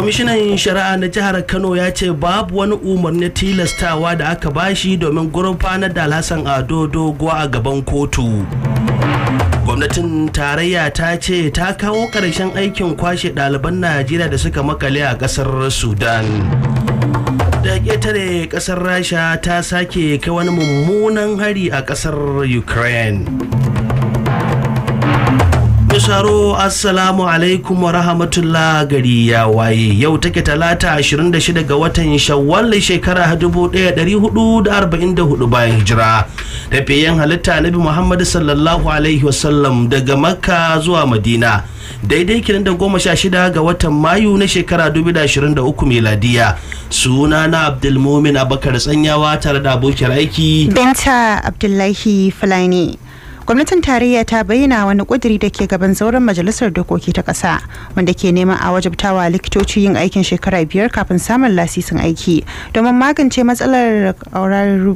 kwamishinan shari'a na jihar kano ya ce babu wani umarni tilastawa da aka bashi domin gurfanar da alhassan ado doguwa a gaban kotu gwamnatin tarayya ta ce ta kawo ƙarshen aikin kwashe ɗaliban najeriya da suka makale a ƙasar sudan da ƙetare ƙasar rasha ta sake kai wani mummunan hari a ƙasar ukraine sauraro assalamu alaikum wa rahmatullah gari ya waye yau take talata 26 ga watan shawwal shekara 1444 bayan hijira tafiyan halitta nabi muhammad sallallahu alaihi wasallam daga makka zuwa madina daidai kiran da goma sha shida ga watan mayu na shekara 2023 miladiya suna na abdulmumin abakar tsanyawa tare da abokin aiki binta abdullahi fulani gwamnatin tarayya ta bayyana wani kudiri da ke gaban zauren majalisar dokoki ta kasa wanda ke neman a wajabtawa likitoci yin aikin shekara biyar kafin samun lasisin aiki domin magance matsalar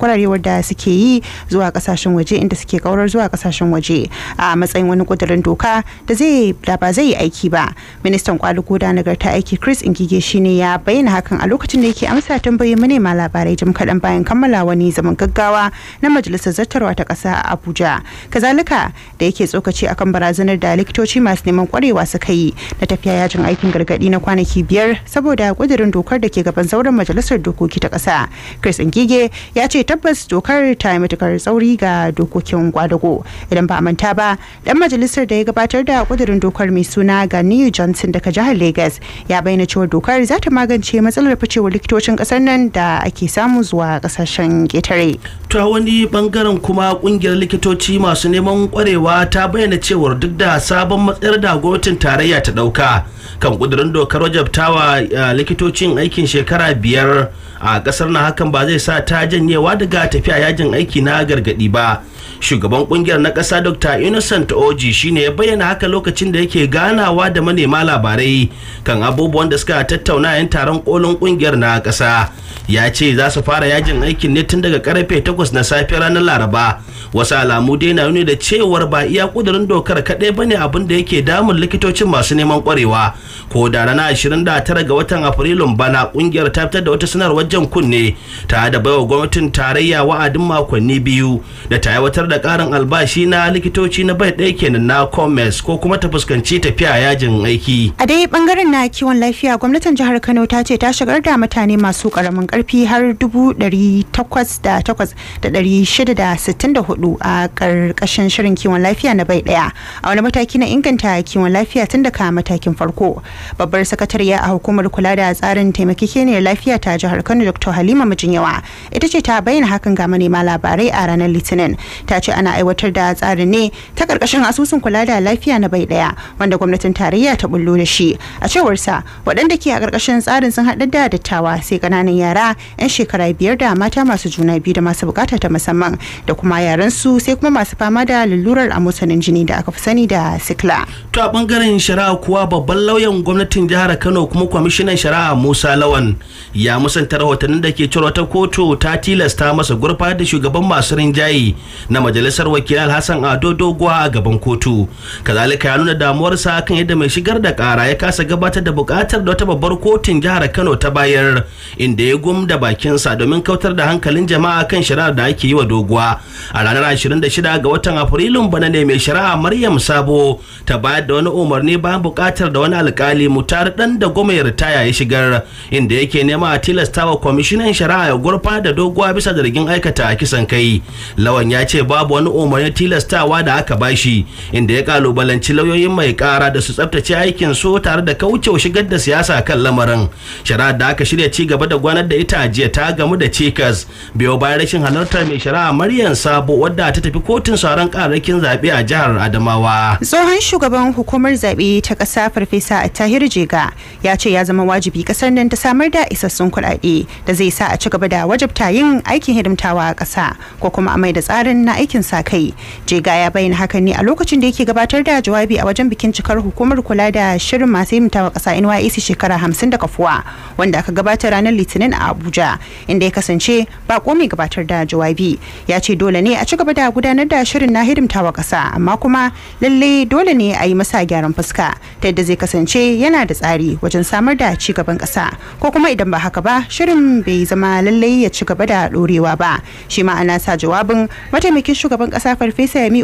kwararewar da suke yi zuwa kasashen waje inda suke kaurar zuwa kasashen waje a matsayin wani kudirin doka da zai da ba zai yi aiki ba ministan kwaliko da nagarta aiki chris ingige shine ya bayyana hakan a lokacin da yake amsa tambayi manema labarai jim kaɗan bayan kammala wani zaman gaggawa na majalisar zartarwa ta ƙasa a abuja kazalika da yake tsokaci akan barazanar da likitoci masu neman kwarewa suka yi na tafiya yajin aikin gargadi na kwanaki biyar saboda kudirin dokar da ke gaban zauren majalisar dokoki ta kasa chris ngige ya ce tabbas dokar ta yi matukar tsauri ga dokokin kwadago idan ba a manta ba dan majalisar da ya gabatar da kudirin dokar mai suna ga new johnson daga jihar lagos ya bayyana cewa dokar za ta magance matsalar ficewar likitocin ƙasar nan da ake samu zuwa kasashen ketare. ta wani bangaren kuma kungiyar likitoci masu masu neman kwarewa ta bayyana cewar duk da sabon matsayar da gwamnatin tarayya ta dauka kan kudirin dokar wajabtawa eh, likitocin aikin shekara biyar a kasar na hakan ba zai sa ta janyewa daga tafiya yajin aiki na gargadi ba shugaban kungiyar na kasa dr innocent oji shine ya bayyana haka lokacin da yake ganawa da manema labarai kan abubuwan da suka tattauna yan taron kolin kungiyar na kasa ya ce za su fara yajin aikin ne tun daga karfe 8 na safe ranar laraba wasu alamu na ne da cewar ba iya kudurin dokar kaɗai bane abin da yake damun likitocin masu neman kwarewa ko da rana 29 ga watan afrilun bana kungiyar ta fitar da wata sanarwar jan kunne ta da baiwa gwamnatin tarayya wa'adin makonni biyu da ta aiwatar da karin albashi na likitoci na bai ɗaya kenan na commerce ko kuma ta fuskanci tafiya yajin aiki a dai bangaren na kiwon lafiya gwamnatin jihar kano ta ce ta shigar da mutane masu karamin karfi har dubu ɗari takwas da takwas da ɗari shida da sittin da hudu a karkashin shirin kiwon lafiya na bai ɗaya a wani mataki na inganta kiwon lafiya tun daga matakin farko babbar sakatariya a hukumar kula da tsarin taimakekeniyar lafiya ta jihar kano dr halima mijinyawa ita ce ta bayyana hakan ga manema labarai a ranar litinin ta ce ana aiwatar da tsarin ne ta karkashin asusun kula da lafiya na bai ɗaya wanda gwamnatin tarayya ta bullo da shi a cewar sa waɗanda ke a karkashin tsarin sun haɗa da dattawa sai kananan yara 'yan shekara biyar da mata masu juna biyu da masu bukata ta musamman da kuma yaran su sai kuma masu fama fama da lalurar amosanin jini da aka fi sani da sikla. To a bangaren shari'a kuwa babban lauyan gwamnatin jihar Kano kuma kwamishinan shari'a Musa Lawan ya musanta rahotannin da ke cewa ta kotu ta tilasta masa gurfa da shugaban masu rinjaye na majalisar wakilai Hassan Ado Doguwa a gaban kotu. Kazalika ya nuna damuwarsa kan yadda mai shigar da kara ya kasa gabatar da bukatar da wata babbar kotun jihar Kano ta bayar inda ya gumda bakinsa domin kautar da hankalin jama'a kan shari'ar da ake yi wa Doguwa a ranar 26 ga watan afrilun bana ne mai shari'a maryam sabo ta bayar da wani umarni bayan bukatar da wani alkali mutar dan da goma ya ritaya ya shigar inda yake nema a tilastawa kwamishinan shari'a ya gurfa da doguwa bisa zargin aikata a kisan kai lawan ya ce babu wani umarni tilastawa da aka bashi inda ya kalubalanci lauyoyin mai kara da su tsabtace aikin su tare da kaucewa shigar da siyasa kan lamarin shari'a da aka shirya ci gaba da gwanar da ita jiya ta gamu da cikas biyo bayan rashin halartar mai shari'a maryam sabo wadda ta tafi kotun sauran kararrakin zaɓe a jihar Adamawa. Tsohon shugaban hukumar zaɓe ta kasa Farfesa Tahir Jega ya ce ya zama wajibi kasar nan ta samar da isassun kuɗaɗe da zai sa a ci gaba da wajabta yin aikin hidimtawa a ƙasa ko kuma a mai da tsarin na aikin sa kai. Jega ya bayyana hakan ne a lokacin da yake gabatar da jawabi a wajen bikin cikar hukumar kula da shirin masu kasa ƙasa NYSC shekara hamsin da kafuwa wanda aka gabata ranar Litinin a Abuja inda ya kasance ba mai gabatar da jawabi ya ce dole ne a ci gaba da gudanar da shirin shirin na hidimta wa ƙasa amma kuma lalle dole ne a yi masa gyaran fuska ta yadda zai kasance yana da tsari wajen samar da ci gaban kasa ko kuma idan ba haka ba shirin bai zama lalle ya ci gaba da dorewa ba shi ma ana sa jawabin mataimakin shugaban kasa farfesa yami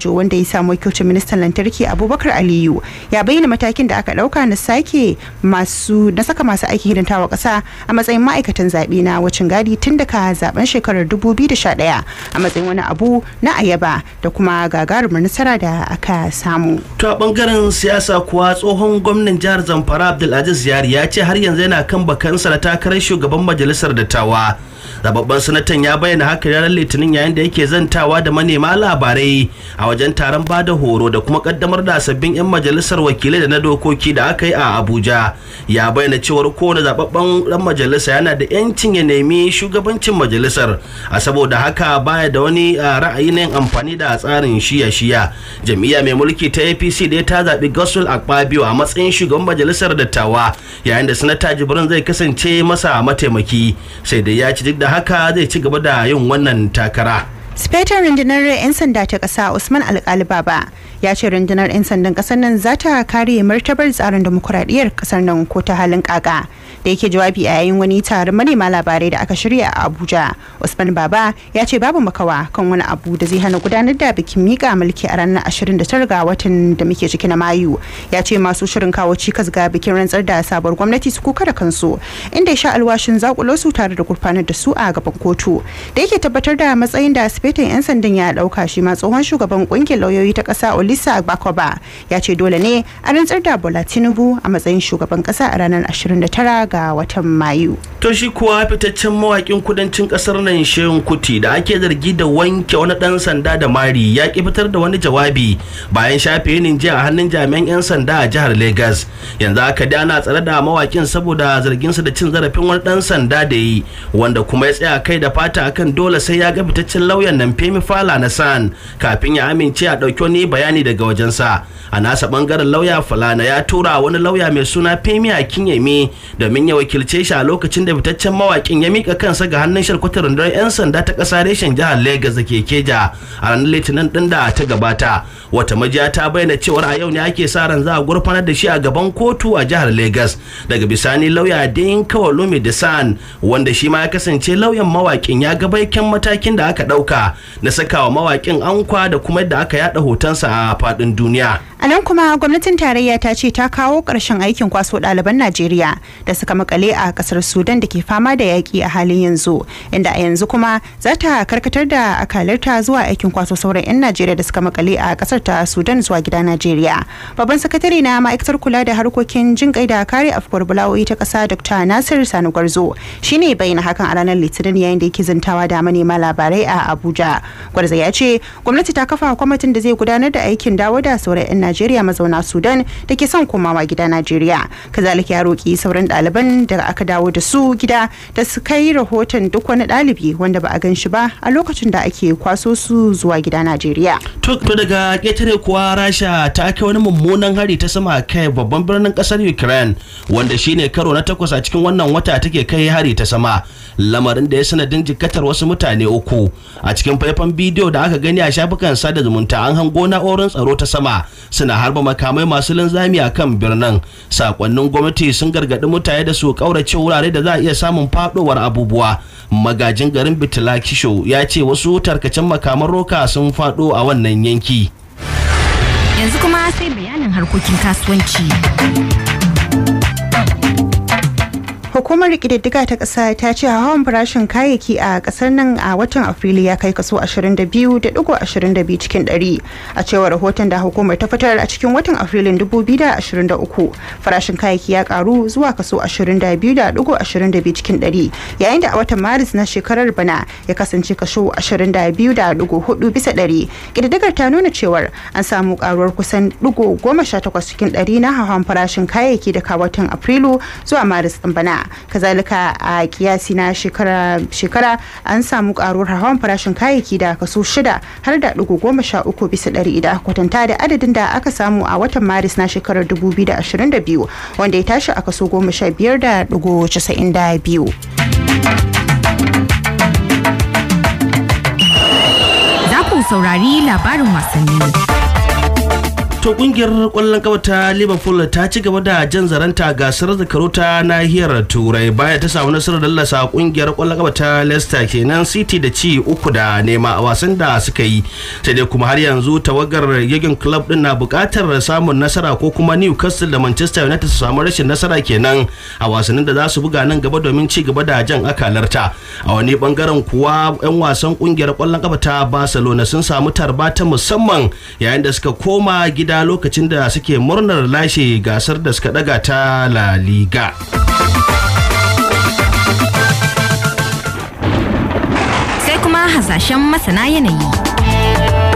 jo wanda ya samu wakilcin ministan lantarki abubakar aliyu ya bayyana matakin da aka ɗauka na sake masu na saka masu aikin hidimta kasa a matsayin ma'aikatan zaɓe na wucin gadi tun daga zaben shekarar dubu biyu da sha ɗaya a matsayin wani abu na ayaba ba da kuma gagarumin nasara da aka samu. To a bangaren siyasa kuwa tsohon gwamnan jihar Zamfara Abdulaziz Yari ya ce har yanzu yana kan sa na takarar shugaban majalisar dattawa. Zababban sanatan ya bayyana haka ranar Litinin yayin da yake zantawa da manema labarai a wajen taron bada horo da kuma kaddamar da sabbin 'yan majalisar wakilai da na dokoki da aka yi a Abuja. Ya bayyana cewar kowane zababban dan majalisa yana da 'yancin ya nemi shugabancin majalisar a saboda haka baya da wani ra'ayi na yin amfani amfani da tsarin shiya-shiya jam'iyya mai mulki ta apc da ta zaɓi gosul akpabio a matsayin shugaban majalisar dattawa yayin da sanata jibrin zai kasance masa mataimaki sai da ya ci duk da haka zai ci gaba da yin wannan takara Sifetan rundunar 'yan sanda ta ƙasa Usman alƙalibaba Baba ya ce rundunar 'yan sandan ƙasar nan za ta kare martabar tsarin demokuraɗiyyar ƙasar nan ko ta halin ƙaƙa. da yake jawabi a yayin wani taron manema labarai da aka shirya a abuja usman baba ya ce babu makawa kan wani abu da zai hana gudanar da bikin mika mulki a ranar 29 ga watan da muke ciki na mayu ya ce masu shirin kawo cikas ga bikin rantsar da sabuwar gwamnati su kuka da kansu inda ya sha alwashin zakulo su tare da gurfanar da su a gaban kotu da yake tabbatar da matsayin da asibitin 'yan sandan ya dauka shi ma tsohon shugaban kungiyar lauyoyi ta kasa olisa bakoba ya ce dole ne a rantsar da bola tinubu a matsayin shugaban kasa a ranar 29 ga watan mayu to shi kuwa fitaccen mawakin kudancin kasar nan shehun kuti da ake zargi da wanke wani dan sanda da mari ya ki fitar da wani jawabi bayan shafe yinin jiya a hannun jami'an yan sanda a jihar Legas. yanzu aka da ana tsare da mawakin saboda zarginsa da cin zarafin wani dan sanda da yi wanda kuma ya tsaya kai da fata akan dole sai ya ga fitaccen lauyan nan femi fala na san kafin ya amince a ɗauki wani bayani daga wajensa a nasa bangaren lauya fulana ya tura wani lauya mai suna femi akinyemi domin domin ya wakilce shi a lokacin da fitaccen mawakin ya mika kansa ga hannun sharkwatar rundunar 'yan sanda ta ƙasa reshen jihar Legas da ke Keja a ranar Litinin din da ta gabata. Wata majiya ta bayyana cewar a yau ne ake sa ran za a gurfanar da shi a gaban kotu a jihar Legas. Daga bisani lauya lumi da san wanda shi ma ya kasance lauyan mawakin ya gabaiken matakin da aka ɗauka na sakawa mawakin ankwa da kuma yadda aka yada hotonsa a faɗin duniya. A nan kuma gwamnatin tarayya ta ce ta kawo ƙarshen aikin kwaso ɗaliban Najeriya da suka makale a ƙasar Sudan da ke fama da yaƙi a halin yanzu, inda a yanzu kuma za ta karkatar da akalarta zuwa aikin kwaso sauran 'yan Najeriya da suka makale a ƙasar ta Sudan zuwa gida Najeriya. Babban sakatare na ma'aikatar kula da harkokin jin kai da kare afkuwar bala'o'i ta ƙasa Dr. Nasir Sani Gwarzo shi ne bayyana hakan a ranar Litinin yayin da yake zantawa da manema labarai a Abuja. Gwarzo ya ce gwamnati ta kafa kwamitin da zai gudanar da aikin dawo da sauran 'yan Najeriya mazauna Sudan da ke son komawa gida Najeriya. Kazalika ya roƙi sauran ɗaliban da aka dawo da su gida da su kai rahoton duk wani ɗalibi wanda ba a gan shi ba a lokacin da ake kwaso su zuwa gida Najeriya. To daga ƙetare kuwa Rasha ta kai wani mummunan hari ta sama kai babban birnin ƙasar Ukraine wanda shine karo na takwas a cikin wannan wata take kai hari ta sama lamarin da ya sanadin jikatar wasu mutane uku a cikin faifan bidiyo da aka gani a shafukan sada zumunta an hango na'urar tsaro ta sama suna harba makamai masu linzami a kan birnin sakonnin gwamnati sun gargaɗi mutane da su ƙaurace wurare da za a iya samun faɗowar abubuwa magajin garin bitila kisho ya ce wasu tarkacen makaman roka sun faɗo a wannan yanki yanzu kuma sai bayanin harkokin kasuwanci Hukumar ƙididdiga ta kasa ta ce hawan farashin kayayyaki a kasar nan a watan Afrilu ya kai kaso 22.22 cikin 100 a cewar rahoton da hukumar ta fitar a cikin watan Afrilun 2023. Farashin kayayyaki ya karu zuwa kaso 22.22 cikin 100 yayin da a watan Maris na shekarar bana ya kasance kaso 22.4 bisa 100. kididdigar ta nuna cewar an samu karuwar kusan digo 18 cikin 100 na hawan farashin kayayyaki daga watan Afrilu zuwa Maris ɗin bana. kazalika a kiyasi na shekara an samu karuwar hawan farashin kayayyaki da kaso shida har da dugu goma sha uku bisa dari da kwatanta da adadin da aka samu a watan maris na shekarar 2022 wanda ya tashi a kaso goma sha biyar da dugu casa'in da biyu. Za saurari labarin wasanni. to kungiyar kwallon kafa ta liverpool ta ci gaba da jan zaranta gasar zakaru ta nahiyar turai baya ta samu nasarar lallasa kungiyar kwallon kafa ta leicester kenan city da ci uku da nema a wasan da suka yi sai dai kuma har yanzu tawagar yagin club din na buƙatar samun nasara ko kuma newcastle da manchester united su samu rashin nasara kenan a wasannin da za su buga nan gaba domin ci gaba da jan akalarta a wani bangaren kuwa yan wasan kungiyar kwallon kafa ta barcelona sun samu tarba ta musamman yayin da suka koma gida gida lokacin da suke murnar lashe gasar da suka daga ta La Liga. Sai kuma hasashen masana yanayi.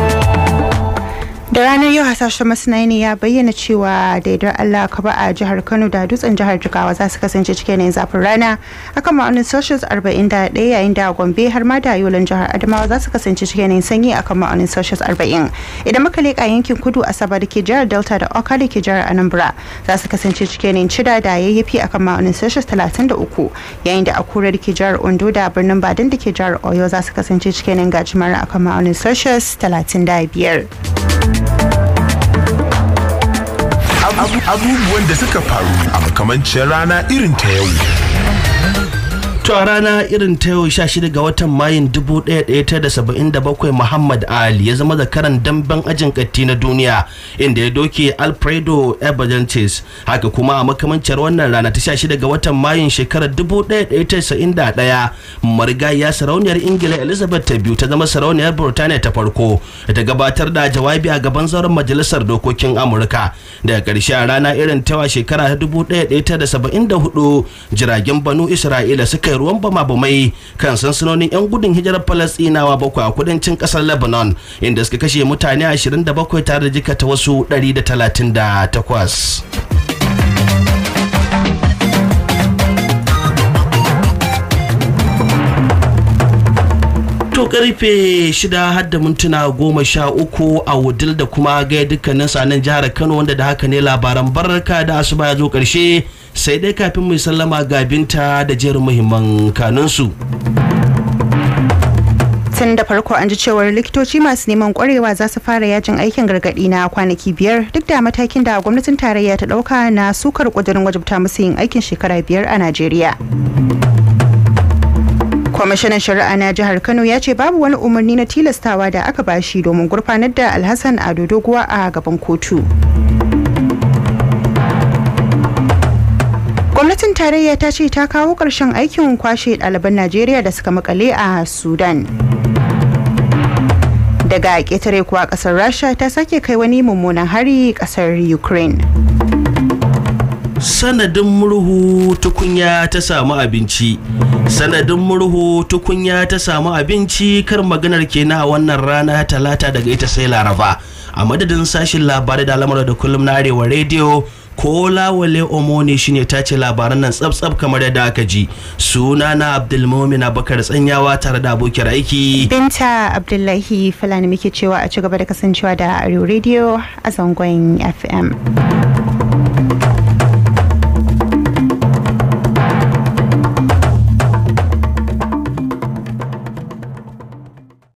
da ranar yau hasashen masana'ini ya bayyana cewa daidar allah ka ba a jihar kano da dutsen jihar jigawa za su kasance cike yin zafin rana akan ma'aunin celsius 41 yayin da gombe har ma da jihar adamawa za su kasance cike yin sanyi akan ma'aunin celsius 40 idan muka leƙa yankin kudu asabar da ke jihar delta da oka da ke jihar anambra za su kasance cike yin cida da yayyafi akan ma'aunin celsius 33 yayin da akure da ke jihar ondo da birnin badin da ke jihar oyo za su kasance cike yin gajimar akan ma'aunin celsius 35 abubuwan da suka faru a makamancin rana irin ta yau. to a rana irin ta yau 16 ga watan mayun 1977 muhammad ali ya zama zakaran damben ajin katti na duniya inda ya doke alfredo ebergentis haka kuma a makamancin wannan rana ta 16 ga watan mayun shekarar 1991 marigayya sarauniyar ingila elizabeth ta biyu ta zama sarauniyar burtaniya ta farko ta gabatar da jawabi a gaban zauren majalisar dokokin amurka daga ƙarshe a rana irin ta shekara 1974 jiragen banu isra'ila suka ruwan bama-bamai kan sansanonin 'yan gudun hijirar Falasɗinawa bakwai a kudancin kasar Lebanon inda suka kashe mutane 27 tare da jikata wasu 138. to karfe shida hadda mintuna goma sha uku a wudil da kuma gaya dukkanin sanin jihar kano wanda da haka ne labaran barka da asuba ya zo karshe sai dai kafin mu sallama gabinta da jerin muhimman kanunsu. tun da farko an ji cewar likitoci masu neman kwarewa za su fara yajin aikin gargadi na kwanaki biyar duk da matakin da gwamnatin tarayya ta dauka na sukar kudurin wajibta musu yin aikin shekara biyar a najeriya kwamishinan shari'a na jihar kano ya ce babu wani umarni na tilastawa da aka bashi domin gurfanar da alhassan a doguwa a gaban kotu. tarayya ta ce ta kawo ƙarshen aikin kwashe ɗaliban najeriya da suka makale a sudan daga ƙetare kuwa ƙasar rasha ta sake kai wani mummunan hari ƙasar ukraine sanadin murhu tukunya ta samu abinci sanadin murhu tukunya ta samu abinci kar maganar ke na wannan rana talata daga ita sai laraba a madadin sashin labarai da lamura da kullum na arewa rediyo ko lawale omoni shine ta ce labaran nan tsabtsab kamar yadda aka ji suna na abdulmumin abakar tsanyawa tare da abokiyar aiki binta abdullahi fulani muke cewa a ci gaba da kasancewa da arewa radio a zangon fm